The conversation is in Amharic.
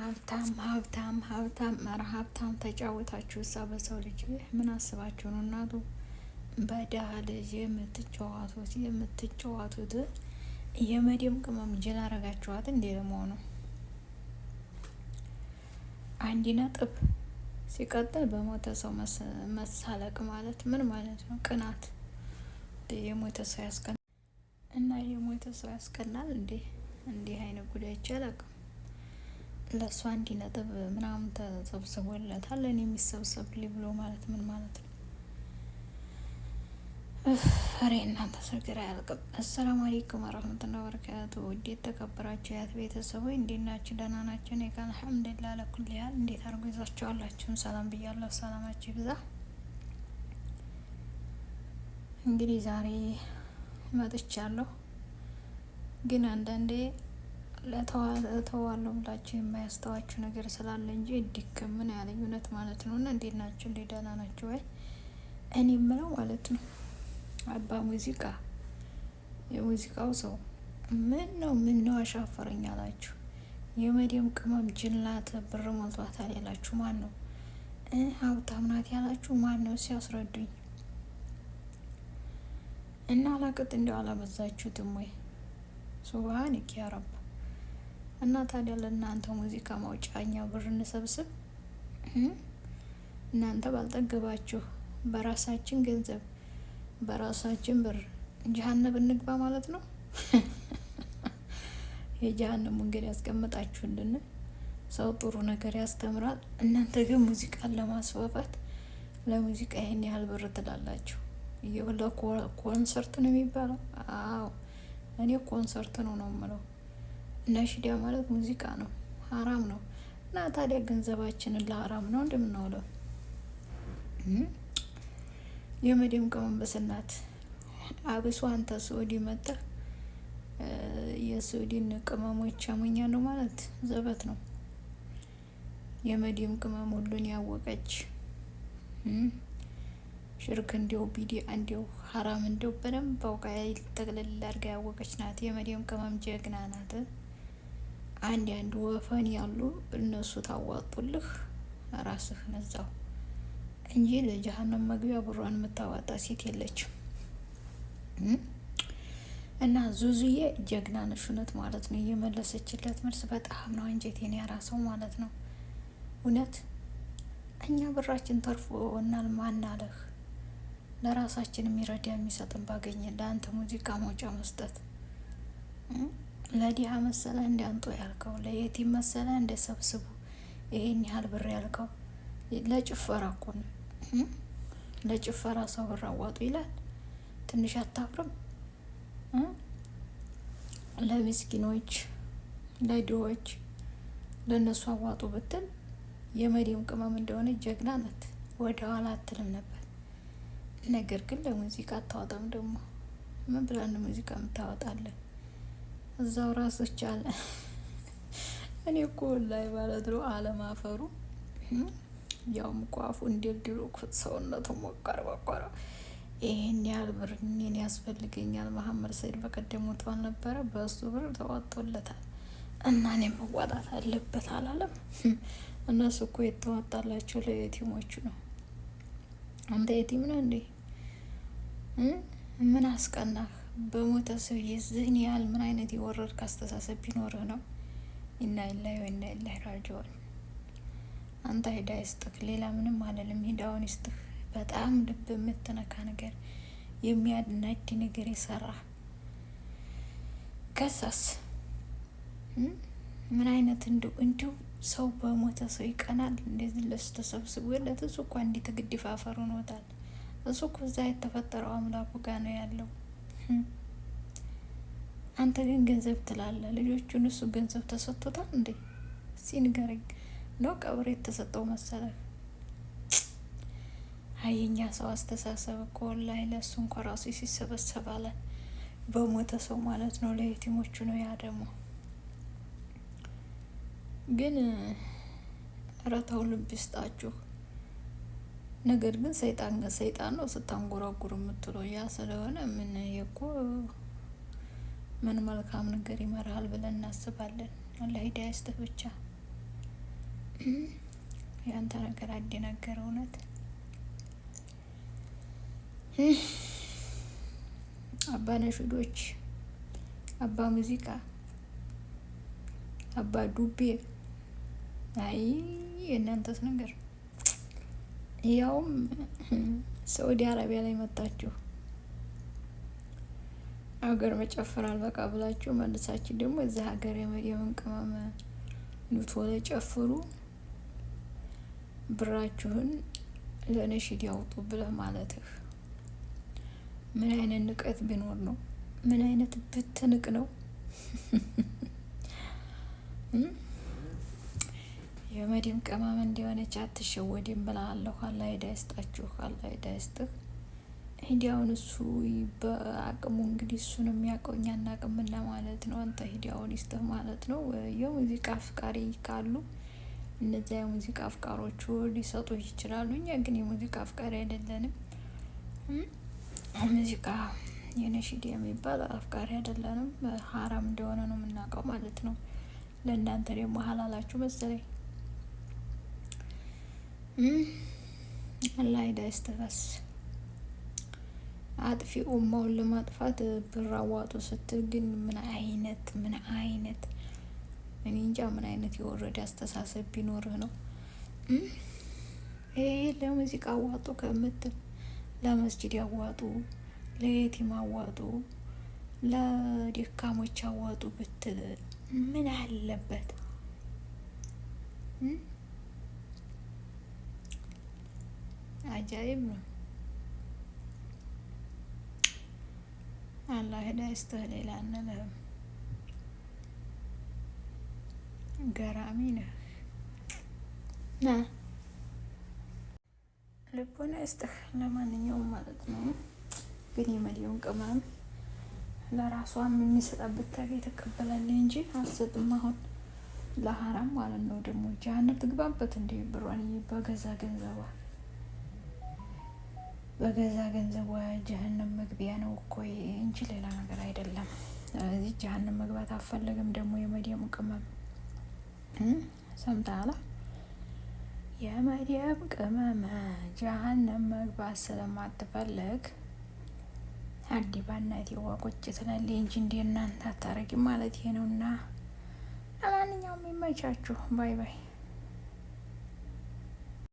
ሀብታም ሀብታም ሀብታም መራ ሀብታም ተጫወታችሁ እሳ በሰው ልጅ ምን አስባችሁ ነው? እናቱ በድሀ ልጅ የምትጫዋቱት የምትጫዋቱት የመዲም ቅመም ጅል አረጋችኋት እንዴ? ለመሆኑ አንድ ነጥብ ሲቀጥል በሞተ ሰው መሳለቅ ማለት ምን ማለት ነው? ቅናት የሞተ ሰው ያስቀናል እና የሞተ ሰው ያስቀናል እንዴ? እንዲህ አይነት ጉዳይ ይቻላል። ለእሱ አንድ ነጥብ ምናምን ተሰብስቦለታል። እኔ የሚሰብሰብልኝ ብሎ ማለት ምን ማለት ነው? ሬ እናንተ ስር ግራ ያልቅም። አሰላሙ አሌይኩም ወረህመቱላሂ ወበረካቱ። ውዴት የተከበራችሁ ያት ቤተሰቦች እንዴት ናችሁ? ደህና ናቸው። እኔ ጋር አልሐምዱሊላህ ለኩል ያህል እንዴት አድርጎ ይዛችኋላችሁም? ሰላም ብያለሁ። ሰላማችሁ ይብዛ። እንግዲህ ዛሬ መጥቻለሁ ግን አንዳንዴ ለተዋለው ብላችሁ የማያስተዋችሁ ነገር ስላለ እንጂ እንዲከምን ያለኝ እውነት ማለት ነው። እና እንዴት ናቸው? እንዴ ደህና ናቸው ወይ? እኔ የምለው ማለት ነው አባ ሙዚቃ የሙዚቃው ሰው ምን ነው ምን ነው አሻፈረኝ አላችሁ። የመዲም ቅመም ጅላት ብር ሞልቷታል ያላችሁ ማን ነው? ሀብታም ናት ያላችሁ ማን ነው? ሲያስረዱኝ እና አላቅጥ እንዲያው አላበዛችሁትም ወይ? ሱብሃንክ ያ እና ታዲያ ለእናንተ ሙዚቃ ማውጫኛ ብር እንሰብስብ፣ እናንተ ባልጠግባችሁ በራሳችን ገንዘብ በራሳችን ብር ጀሀነብ እንግባ ማለት ነው። የጀሀነብ መንገድ ያስቀምጣችሁልን። ሰው ጥሩ ነገር ያስተምራል። እናንተ ግን ሙዚቃን ለማስፋፋት ለሙዚቃ ይህን ያህል ብር ትላላችሁ። የበለ ኮንሰርት ነው የሚባለው። አዎ እኔ ኮንሰርት ነው ነው የምለው። ነሽዳ ማለት ሙዚቃ ነው፣ ሀራም ነው። እና ታዲያ ገንዘባችንን ለሀራም ነው እንደምናውለው የመዲም ቀመንበስናት አብሶ አንተ ስዑዲ መጣ የስዑዲን ቅመሞች አሞኛ ነው ማለት ዘበት ነው። የመዲም ቅመም ሁሉን ያወቀች ሽርክ እንዲው ቢዲ እንዲው ሀራም እንዲው በደንብ አውቃ ጠቅልል አድርጋ ያወቀች ናት። የመዲም ቅመም ጀግና ናት። አንድ አንድ ወፈን ያሉ እነሱ ታዋጡልህ ራስህ ነዛው እንጂ ለጀሀነም መግቢያ ብሯን የምታዋጣ ሴት የለችም። እና ዙዙዬ ጀግና ነሽ እውነት ማለት ነው። እየመለሰችለት መልስ በጣም ነው አንጀቴን ያራሰው ማለት ነው። እውነት እኛ ብራችን ተርፎ እናል ማናለህ ለራሳችን የሚረዳ የሚሰጥን ባገኘ ለአንተ ሙዚቃ መውጫ መስጠት ለዲሃ መሰለ እንደ አንጦ ያልከው፣ ለየቲም መሰለ እንደ ሰብስቡ ይሄን ያህል ብር ያልከው። ለጭፈራ እኮ ነው፣ ለጭፈራ ሰው ብር አዋጡ ይላል። ትንሽ አታፍርም? ለሚስኪኖች፣ ለድሆች ለእነሱ አዋጡ ብትል የመዲም ቅመም እንደሆነ ጀግና ናት፣ ወደ ኋላ አትልም ነበር። ነገር ግን ለሙዚቃ አታወጣም ደግሞ ምን ብላን ሙዚቃ የምታወጣለን? እዛው ራሶች አለ። እኔ እኮ ላይ ማለት ነው አለማፈሩ ያው ምቋፉ አፉ እንዲድሉ ሰውነቱ ሞቀር ቆቆረ። ይህን ያህል ብር እኔን ያስፈልገኛል። መሀመድ ሰይድ በቀደም ወጥቷል ነበረ፣ በእሱ ብር ተዋጦለታል እና እኔ መዋጣት አለበት አላለም። እነሱ እኮ የተዋጣላቸው ለየቲሞቹ ነው። አንተ የቲም ነው እንዴ? ምን አስቀናህ? በሞተ ሰው የዝህን ያህል ምን አይነት የወረድ አስተሳሰብ ቢኖር ነው? ኢና ሊላሂ ወኢና ኢለይሂ ራጂዑን። አንተ ሂዳ ይስጥህ፣ ሌላ ምንም አለልም። ሂዳውን ይስጥህ። በጣም ልብ የምትነካ ነገር፣ የሚያናድ ነገር የሰራ ከሳስ ምን አይነት እንዲሁ እንዲሁ ሰው በሞተ ሰው ይቀናል። እንደዚህ ለሱ ተሰብስቦለት እሱ እኳ እንዲህ ተግዲፍ አፈሩን ወጣል። እሱ እኮ እዛ የተፈጠረው አምላኩ ጋ ነው ያለው። አንተ ግን ገንዘብ ትላለህ። ልጆቹን እሱ ገንዘብ ተሰጥቶታል እንዴ? እስኪ ንገረኝ። ነው ቀብሬ የተሰጠው መሰለህ? አየኛ ሰው አስተሳሰብ እኮ ላይ ለእሱ እንኳ ራሱ ሲሰበሰብ አለ በሞተ ሰው ማለት ነው ለየቲሞቹ ነው። ያ ደግሞ ግን ረታው ልብ ይስጣችሁ። ነገር ግን ሰይጣን ሰይጣን ነው ስታንጎራጉር የምትለው ያ ስለሆነ ምን የኮ ምን መልካም ነገር ይመራሃል ብለን እናስባለን። አላህ ሂዳያ ይስጥህ ብቻ። ያንተ ነገር አደናገረ እውነት አባ ነሽዶች፣ አባ ሙዚቃ፣ አባ ዱቤ። አይ የእናንተስ ነገር ያውም ሳዑዲ አረቢያ ላይ መጣችሁ ሀገር መጨፈር አልበቃ ብላችሁ መልሳችሁ ደግሞ እዚህ ሀገር የመን ቅመም ኑቶ ላይ ጨፍሩ፣ ብራችሁን ለነሽድ ያውጡ ብለህ ማለትህ ምን አይነት ንቀት ቢኖር ነው? ምን አይነት ብትንቅ ነው? የመዲም ቅመም እንዲሆነች አትሸወድም ብላለሁ። አላህ ሂዳ ይስጣችሁ፣ አላህ ሂዳ ይስጥህ። ሂዳውን እሱ በአቅሙ እንግዲህ እሱን የሚያውቀው እኛ አናውቅምና ማለት ነው። አንተ ሂዳውን ይስጥህ ማለት ነው። የሙዚቃ አፍቃሪ ካሉ እነዚያ የሙዚቃ አፍቃሮቹ ሊሰጡ ይችላሉ። እኛ ግን የሙዚቃ አፍቃሪ አይደለንም። ሙዚቃ የነሺድ የሚባል አፍቃሪ አይደለንም። ሀራም እንደሆነ ነው የምናውቀው ማለት ነው። ለእናንተ ደግሞ ሀላላችሁ መሰለኝ አላህ ሂዳ አጥፊ ኡማውን ለማጥፋት ብር አዋጡ ስትል ግን ምን አይነት ምን አይነት እኔ እንጃ ምን አይነት የወረደ አስተሳሰብ ቢኖርህ ነው ይሄ ለሙዚቃ አዋጡ ከምትል ለመስጂድ ያዋጡ፣ ለየቲም አዋጡ፣ ለደካሞች አዋጡ ብትል ምን አለበት? አጃይብ mi? አላህ ሂዳ ይስጥህ። ሌላ እንልህም ገራሚ ነህ። ልቦና ይስጥህ። ለማንኛውም ማለት ነው ግን የመዲውን ቅመም ለራሷም የሚሰጣበት ታገኝ ተቀበላለህ እንጂ አልሰጥም። አሁን ለሀራም ማለት ነው ደግሞ ጃሃንም ትግባበት እንደ ብሯን በገዛ ገንዘቧ በገዛ ገንዘቧ ጀሀነም መግቢያ ነው እኮ እንጂ ሌላ ነገር አይደለም። እዚህ ጀሀነም መግባት አፈለግም። ደግሞ የመዲየም ቅመም ሰምታላ የመዲየም ቅመም ጀሀነም መግባት ስለማትፈልግ አዲባና የዋ ቁጭ ትላለ እንጂ እንዲ እናንተ አታረጊም ማለት ይሄ ነው። እና ለማንኛውም ይመቻችሁ። ባይ ባይ።